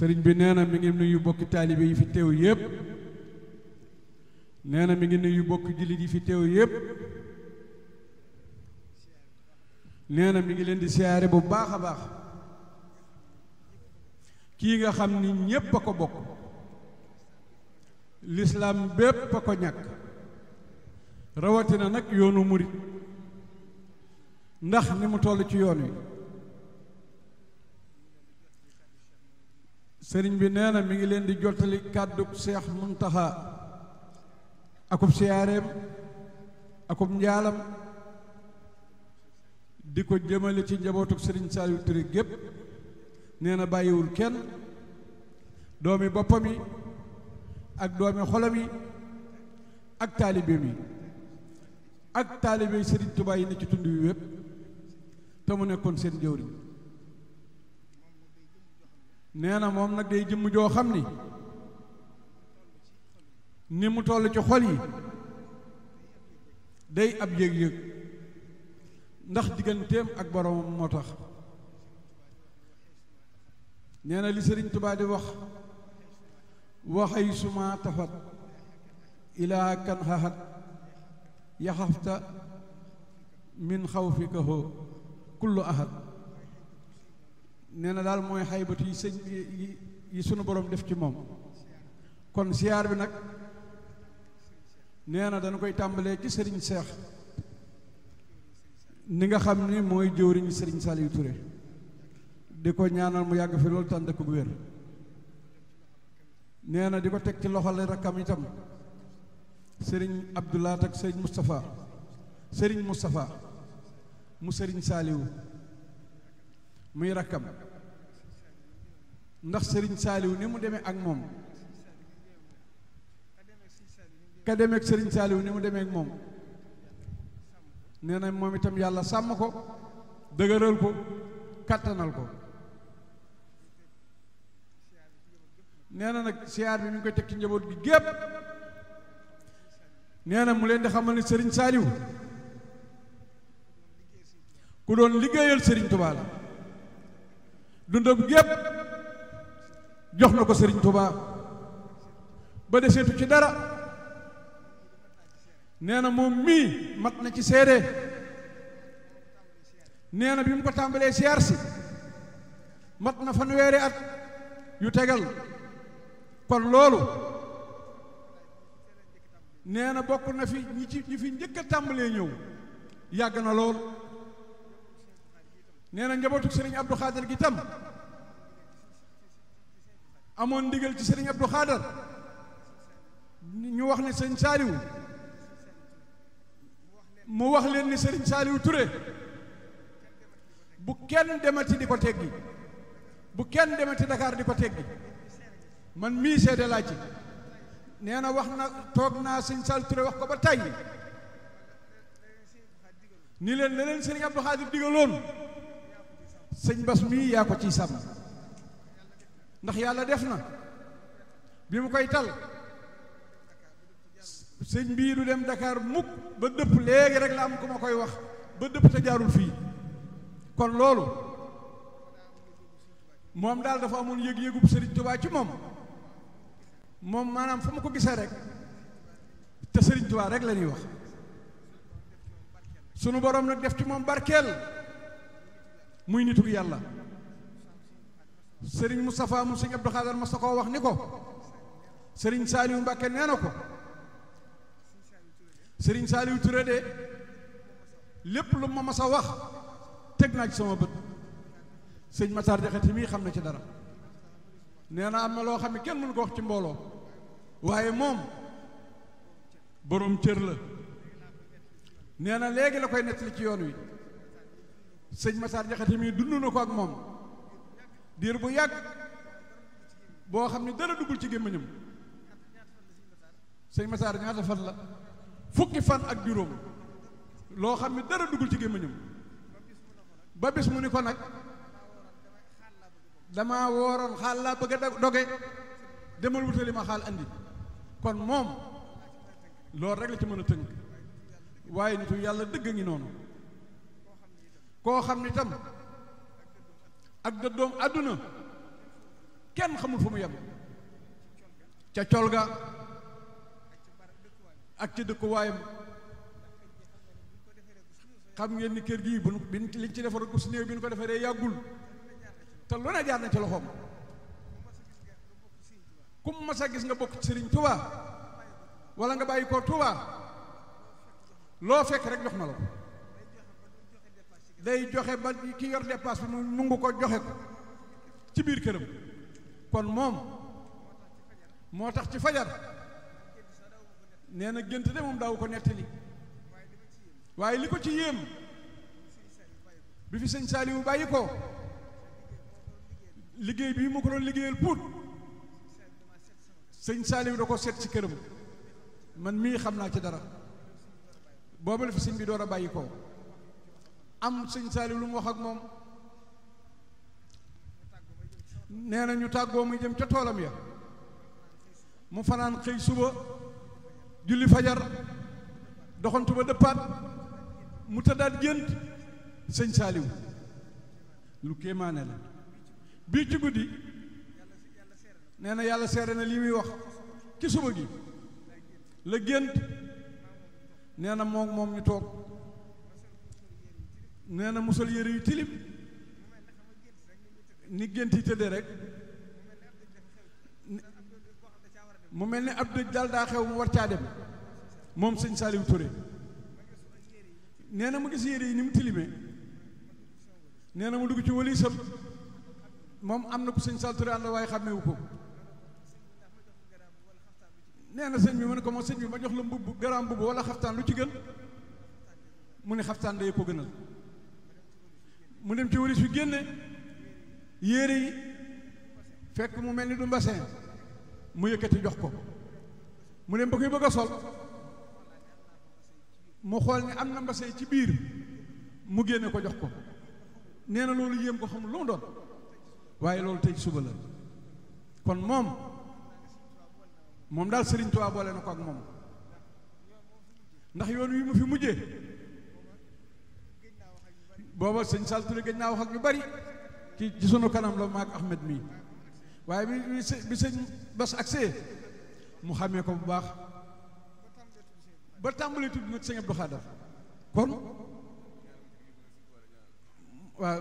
sëriñ bi nee na mi ngi nuyu bokki taalibe yi fi teew yépp nee na mi ngi nuyu bokki jullit yi fi teew yépp nee na mi ngi leen di siyaare bu baax a baax kii nga xam ni ñépp a ko bokk lislaam bépp a ko ñàkk rawatina nag yoonu murit ndax ni mu toll ci yoon wi sëriñ bi nee na mi ngi leen di jottali kàddu seex muntaxa akub siyaareem akub njaalam di ko jëmale ci njabootuk sëriñ Saliou Touré gépp nee na bàyyiwul kenn doomi boppam yi ak doomi xolam yi ak taalibeem yi ak taalibe sëriñ Tuubaa yi ne ci tund wi wépp te mu nekkoon seen jëwriñ nee na moom nag day jëmm joo xam ni ni mu toll ci xol yi day ab yëg-yëg ndax digganteem ak boroomam moo tax nee li sëriñ tubaab di wax waxay suma tafat ilaa kan xaxat yaxafta min xawfika ho kullu ahad nee na daal mooy xaybatu yi sëñ yi sunu borom def ci moom kon siyaar bi nag nee na dana koy tàmbalee ci sëriñ seex ni nga xam ni mooy jëwriñ sëriñ Saliou Touré di ko ñaanal mu yàgg fi loolu tànd ko ku wér nee na di ko teg ci loxol rakkam itam sëriñ Abdoulaat ak sëriñ Moustapha sëriñ Moustapha mu sëriñ Saliou muy rakkam ndax sëriñ saaliw ni mu demee ak moom ka demee ak sëriñ saaliw ni mu demee ak moom nee na moom itam yàlla sàmm ko dëgëral ko kattanal ko nee na nag siyaar bi ñu ngi koy teg ci njaboot gi gépp nee na mu leen di xamal ni sëriñ saaliw ku doon liggéeyal sëriñ tubaal dundam yépp jox na ko sëriñ tubaab ba deseetu ci dara nee na moom mii mat na ci seede nee na bi mu ko tàmbalee siyaar si mat na weeri at yu tegal kon loolu nee na bokk na fi ñi ci ñi fi njëkk tàmbalee ñëw yàgg na lool nee na njabootu Serigne Abdou Khader gi tam amoon ndigal ci Serigne Abdou Khader ñu wax ne sëñ Saliou mu wax leen ni sëriñ Saliou ture bu kenn demati di ko teggi bu kenn demati Dakar di ko teggi man mii seede laa ci nee na wax na toog naa sëñ Saliou Touré wax ko ba tàyyi ni leen leneen Serigne Abdou Khadir digaloon sëñ bas mii yaa ko ciy sàmm ndax yàlla def na bi mu koy tal sëñ bii du dem Dakar mukk ba dëpp léegi rek la am ku ma koy wax ba dëpp te jaarul fii kon loolu moom daal dafa amoon yëg-yëgub sëriñ Tubaa ci moom moom maanaam fu ma ko gisee rek te sëriñ Tubaa rek lañuy wax sunu borom nag def ci moom barkeel muy nitu yàlla sëriñ Moustapha mu sëriñ Abdou Khadar mas na koo wax ni ko sëriñ Saliou Mbacke nee na ko sëriñ Saliou Touré lépp lu ma mas a wax teg naa ci sama bët sëñ Matar Jaxate mii xam na ci dara nee na am na loo xam ne kenn mënu ko wax ci mbooloo waaye moom boroom cër la nee na léegi la koy nettali ci yoon wi sëñ Massar Jaxate mii dund na ko ak moom diir bu yàgg boo xam ne dara duggul ci gémmiñam sëñ Massar ñaata fan la fukki fan ak juróom loo xam ne dara duggul ci gémmiñam ba bis mu ni ko nag dama wooroon xaal laa bëgg a doge demal wutali ma xaal andi kon moom loolu rek la ci mën a tënk waaye nitu yàlla dëgg ngi noonu koo xam ni tam ak dëddoom àdduna kenn xamul fu mu yem ca col ga ak ci dëkkuwaayam xam ngeen ni kër gi bu bi liñ ci defar ko su néew bi nu ko defaree yàggul te lu ne jaar na ci loxoom ku mu gis nga bokk ci sëriñ Tuubaa walla nga bàyyi koo Tuubaa loo fekk rek jox na la day joxe ba ki yor dépasse bi mu nungu ko joxe ko ci biir këram kon moom moo tax ci fajar nee na gént de moom daw ko nettali waaye li ko ci yéem bi fi sëñ Saaliwu bàyyi ko liggéey bii mu ko doon liggéeyal puut sëñ Saaliwu da ko seet ci këram man mii xam naa ci dara booba fi sëñ bi door a bàyyi ko am sëñ Saaliw lu mu wax ak moom nee na ñu tàggoo mu jëm ca toolam ya mu fanaan xëy suba julli fajar doxantu ba dëppaat mu tëddaat gént sëñ Saaliw lu kéemaane la bii ci guddi nee na yàlla seere na lii muy wax ci suba gi la gént nee na moom moom ñu toog nee na mu sol yére yu tilim ni gént yi tëdde rek mu mel ni ab dëj daal daa xew mu war caa dem moom sëñ Saliou Touré nee na mu gis yére yi ni mu tilimee nee na mu dugg ci walisam moom am na ko sëñ Saliou Touré ànd waaye xàmmewu ko nee na sëñ bi mu ne ko moom sëñ bi ma jox la mbubb garaam mbubb wala xaftaan lu ci gën mu ne xaftaan day ko gënal mu dem ci walis fi génne yére yi fekk mu mel ni du mbasin mu yëkkati jox ko mu dem ba koy bëgg a sol mu xool ni am na mbasin ci biir mu génne ko jox ko nee na loolu yéem ko xamul lu mu doon waaye loolu tey suba la kon moom moom daal Sëriñ Tuubaa na ko ak moom ndax yoon wi mu fi mujjee booba sëñ Sall Touré gëj naa wax ak ñu bari ki ci sunu kanam la maag Ahmed mii waaye bi bi sëñ Bass agsee mu xàmmee ko bu baax ba tàmbali tudd nag sëñ Abdou Khadar kon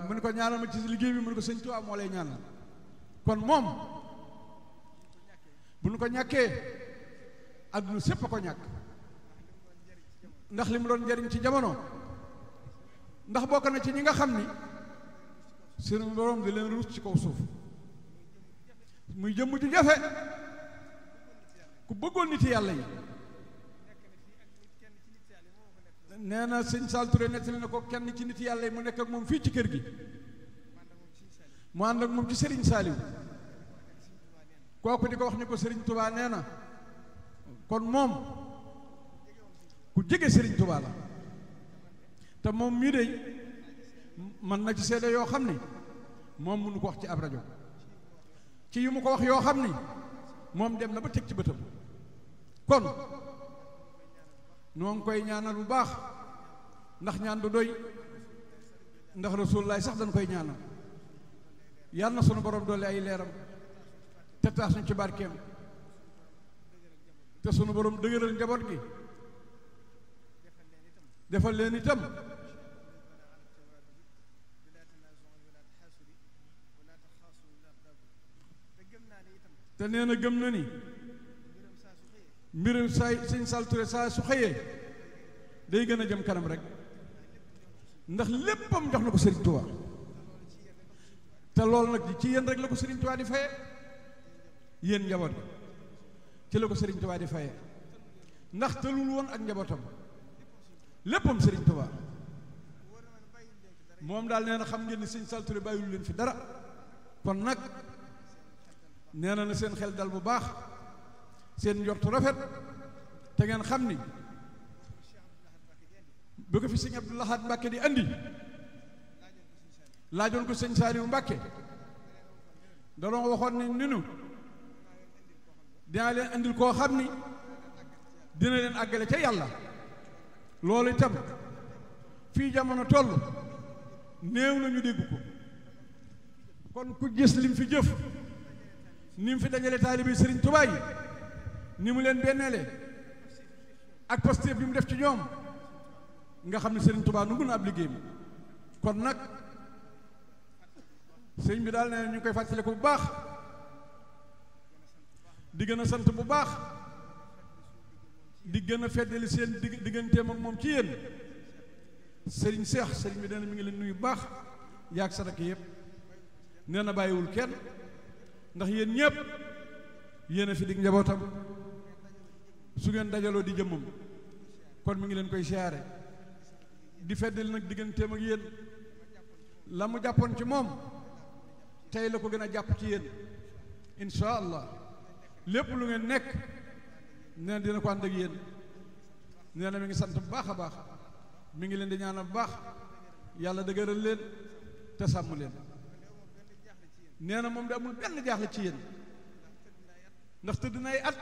mu ne ko ñaanal ci liggéey bi mu ne ko sëñ Tuubaa moo lay ñaanal kon moom bu nu ko ñàkkee àdduna sépp a ko ñàkk ndax li mu doon njariñ ci jamono ndax bokk na ci ñi nga xam ni seen borom di leen ruus ci kaw suuf muy jëmm ju jafe ku bëggoon nit yàlla yi nee na sëñ Sall Touré nettali na ko kenn ci nit yàlla yi mu nekk ak moom fii ci kër gi mu ànd ak moom ci Serigne Saliou kooku di ko wax ni ko sëriñ tubaa nee na kon moom ku jege sëriñ tubaa la te moom mii de man na ci sedd yoo xam ni moom mënu ko wax ci ab rajo ci yu mu ko wax yoo xam ni moom dem na ba teg ci bëtam kon noo ngi koy ñaanal bu baax ndax ñaan du doy ndax rasulullaay sax dañ koy ñaanal yàlla na sunu borom doole ay leeram te taas ñu ci barkeem te sunu borom dëgëral njaboot gi defal leen itam te nee na gëm na ni mbiram saay sëñ salture saa su xëyee day gën a jëm kanam rek ndax léppam jox na ko Serigne Touba te loolu nag ci yéen rek la ko Serigne di faye yéen njaboot ci la ko Serigne di faye ndax tëlul woon ak njabootam léppam sëriñ Tuubaa moom daal nee na xam ngeen ni sëñ salture bàyyiwul leen fi dara kon nag nee na na seen xel dal bu baax seen njortu rafet te ngeen xam ni bu ko fi sëñ Abdou Lahad Mbàkke di andi laajoon ko seen sëñ Saaliw Mbàkke danoo waxoon ni ni nu dinaa leen andil koo xam ni dina leen àggale ca yàlla loolu itam fii jamono toll néew lañu ñu dégg ko kon ku gis lim fi jëf ni mu fi dajale taalibe sëriñ tubaay yi ni mu leen benneele ak pastéef bi mu def ci ñoom nga xam ne sëriñ Tuubaa nu gën a ab liggéey mi kon nag sëñ bi daal nee ñu koy fàttaliku bu baax di gën a sant bu baax di gën a feddali seen digg digganteem ak moom ci yéen sëriñ seex sëriñ bi nee na mi ngi leen nuyu baax yaag sa rakk yëpp nee na bàyyiwul kenn ndax yéen ñëpp yéen a fi dig njabootam su ngeen dajaloo di jëmmam kon mu ngi leen koy siyaare di feddali nag digganteem ak yéen la mu jàppoon ci moom tey la ko gën a jàpp ci yéen incha allah lépp lu ngeen nekk nee na dina ko ànd ak yéen nee na mi ngi sant bu baax a baax mi ngi leen di ñaanal bu baax yàlla dëgëral leen te sàmm leen nee na moom de amul benn jaaxle ci yéen ndax tëdd na at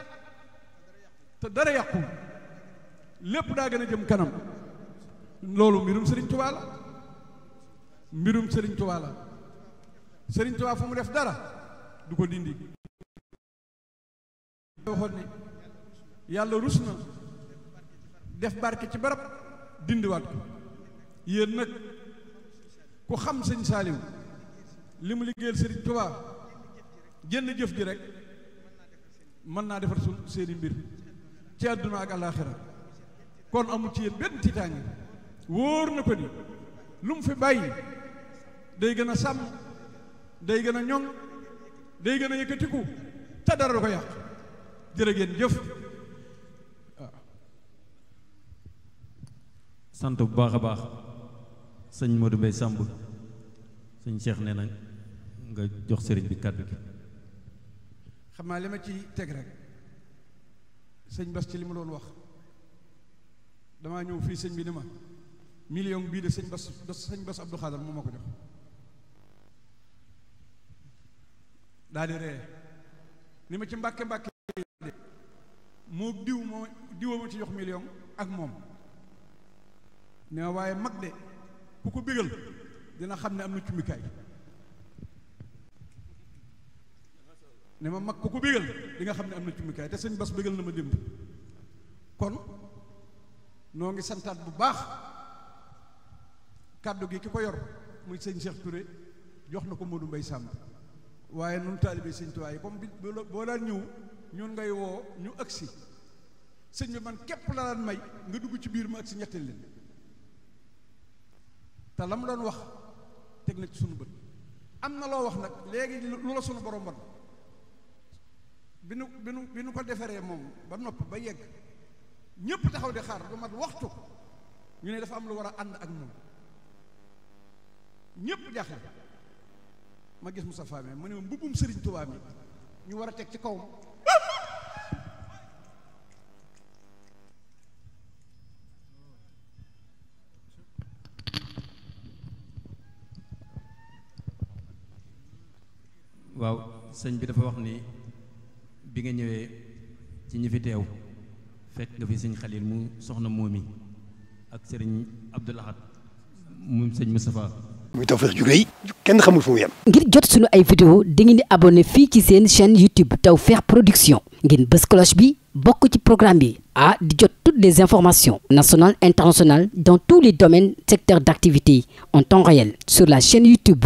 te dara yàqu lépp daa gën a jëm kanam loolu mbirum sëriñ Touba la mbirum Serigne Touba la Serigne Touba fu mu def dara du ko dindi yàlla rus na def barke ci barab dindiwaat ko yéen nag ku xam sëñ Saaliw li mu liggéeyal Sëriñ Tuubaa jënd jëf ji rek mën naa defar su seeni mbir ci àdduna ak alaaxira kon amul ci yéen benn tiitaange wóor na ko ni lu mu fi bàyyi day gën a sàmm day gën a ñoŋ day gën a yëkkatiku te dara du ko yàq jërë ngeen jëf sant bu baax a baax sëñ Modou Mbaye Samb sëñ Cheikh nee na nga jox sëriñ bi kàddu gi. xam naa li ma ci teg rek sëñ Bas ci li ma doon wax damaa ñëw fii sëñ bi ni ma million bii de sëñ Bas sëñ Bas Abdou Khadre moom moo ko jox daal di ree ni ma ci mbàkke mbàkke moo diw moo diwoo ma ci jox million ak moom ne waaye mag de ku ko bégal dina xam ne am na cummikaay ne ma mag ku ko bégal di nga xam ne am na cummikaay te sëñ bas bégal na ma démb kon noo ngi santaat bu baax kàddu gi ki ko yor muy sëñ Cheikh Touré jox na ko Modou Mbaye Samb waaye nun taalibe sëñ Tuubaa yi comme bi boo daan ñëw ñun ngay woo ñu agsi sëñ bi man képp la daan may nga dugg ci biir ma agsi ñetteel leen te la mu doon wax teg na ci suñu bët am na loo wax nag léegi lu la suñu borom wan bi ko defaree moom ba nopp ba yegg ñépp taxaw di xaar lu mat waxtu ñu ne dafa am lu war a ànd ak moom ñépp jaaxle ma gis mu Moustapha mi mu ne mbubbum Sëriñ tubaab mi ñu war a teg ci kaw sëñ bi dafa wax ni bi nga ñëwee ci ñi fi teew fekk nga fi sëñ Xalil mu soxna moomi ak sëriñ Abdul Ahad mu sëñ Moustapha muy Tawfekh ju rëy kenn xamul fu mu ngir jot sunu ay vidéo dangeen di abonné fii ci seen chaîne YouTube Tawfekh Production ngeen bës cloche bi bokk ci programme bi ah di jot toutes des informations national internationales dans tous les domaines secteurs d'activité en temps réel sur la chaîne YouTube